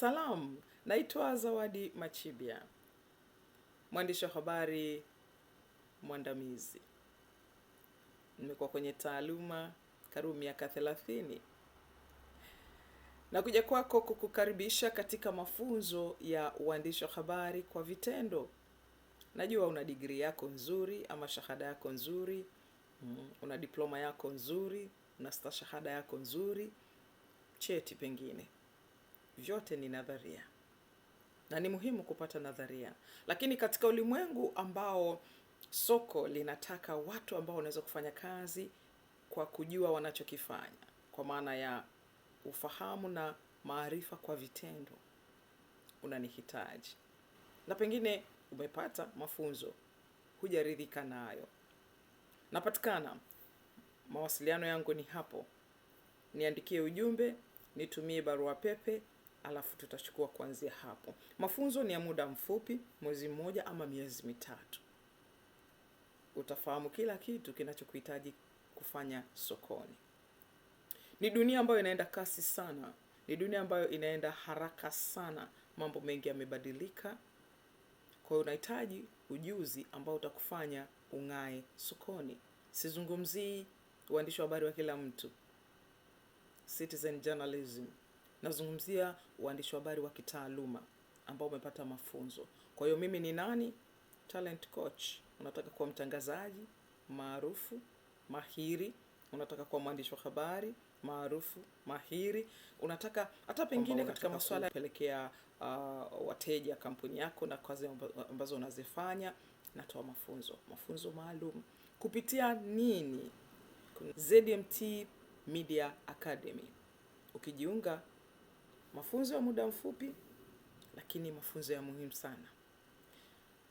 Salam, naitwa Zawadi Machibia, mwandishi wa habari mwandamizi. Nimekuwa kwenye taaluma karibu miaka thelathini. Nakuja kwako kukukaribisha katika mafunzo ya uandishi wa habari kwa vitendo. Najua una digrii yako nzuri ama shahada yako nzuri mm, una diploma yako nzuri, una stashahada yako nzuri, cheti pengine vyote ni nadharia na ni muhimu kupata nadharia, lakini katika ulimwengu ambao soko linataka watu ambao wanaweza kufanya kazi kwa kujua wanachokifanya, kwa maana ya ufahamu na maarifa kwa vitendo, unanihitaji na pengine umepata mafunzo hujaridhika nayo, napatikana. Mawasiliano yangu ni hapo, niandikie ujumbe, nitumie barua pepe alafu tutachukua kuanzia hapo. Mafunzo ni ya muda mfupi, mwezi mmoja ama miezi mitatu. Utafahamu kila kitu kinachokuhitaji kufanya sokoni. Ni dunia ambayo inaenda kasi sana, ni dunia ambayo inaenda haraka sana. Mambo mengi yamebadilika, kwa hiyo unahitaji ujuzi ambao utakufanya ung'ae sokoni. Sizungumzii uandishi wa habari wa kila mtu, citizen journalism. Nazungumzia uandishi wa habari wa kitaaluma ambao umepata mafunzo. Kwa hiyo mimi ni nani? Talent coach. Unataka kuwa mtangazaji maarufu, mahiri. Unataka kuwa mwandishi wa habari maarufu, mahiri. Unataka hata pengine katika masuala pelekea uh, ah, wateja kampuni yako na kazi ambazo unazifanya. Natoa mafunzo, mafunzo maalum kupitia nini? ZMT Media Academy. Ukijiunga mafunzo ya muda mfupi, lakini mafunzo ya muhimu sana.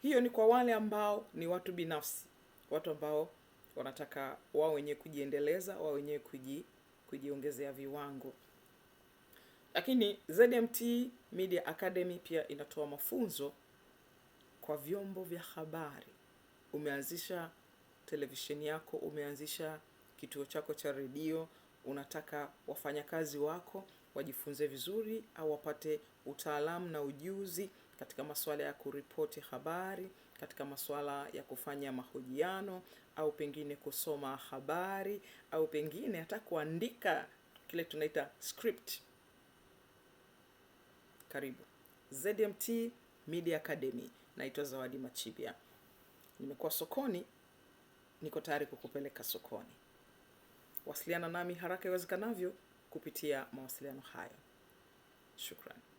Hiyo ni kwa wale ambao ni watu binafsi, watu ambao wanataka wao wenyewe kujiendeleza, wao wenyewe kuji, kujiongezea viwango. Lakini ZMT Media Academy pia inatoa mafunzo kwa vyombo vya habari. Umeanzisha televisheni yako, umeanzisha kituo chako cha redio unataka wafanyakazi wako wajifunze vizuri au wapate utaalamu na ujuzi katika masuala ya kuripoti habari, katika masuala ya kufanya mahojiano au pengine kusoma habari au pengine hata kuandika kile tunaita script. Karibu ZMT Media Academy. Naitwa Zawadi Machibia, nimekuwa sokoni, niko tayari kukupeleka sokoni. Wasiliana nami haraka iwezekanavyo kupitia mawasiliano hayo. Shukrani.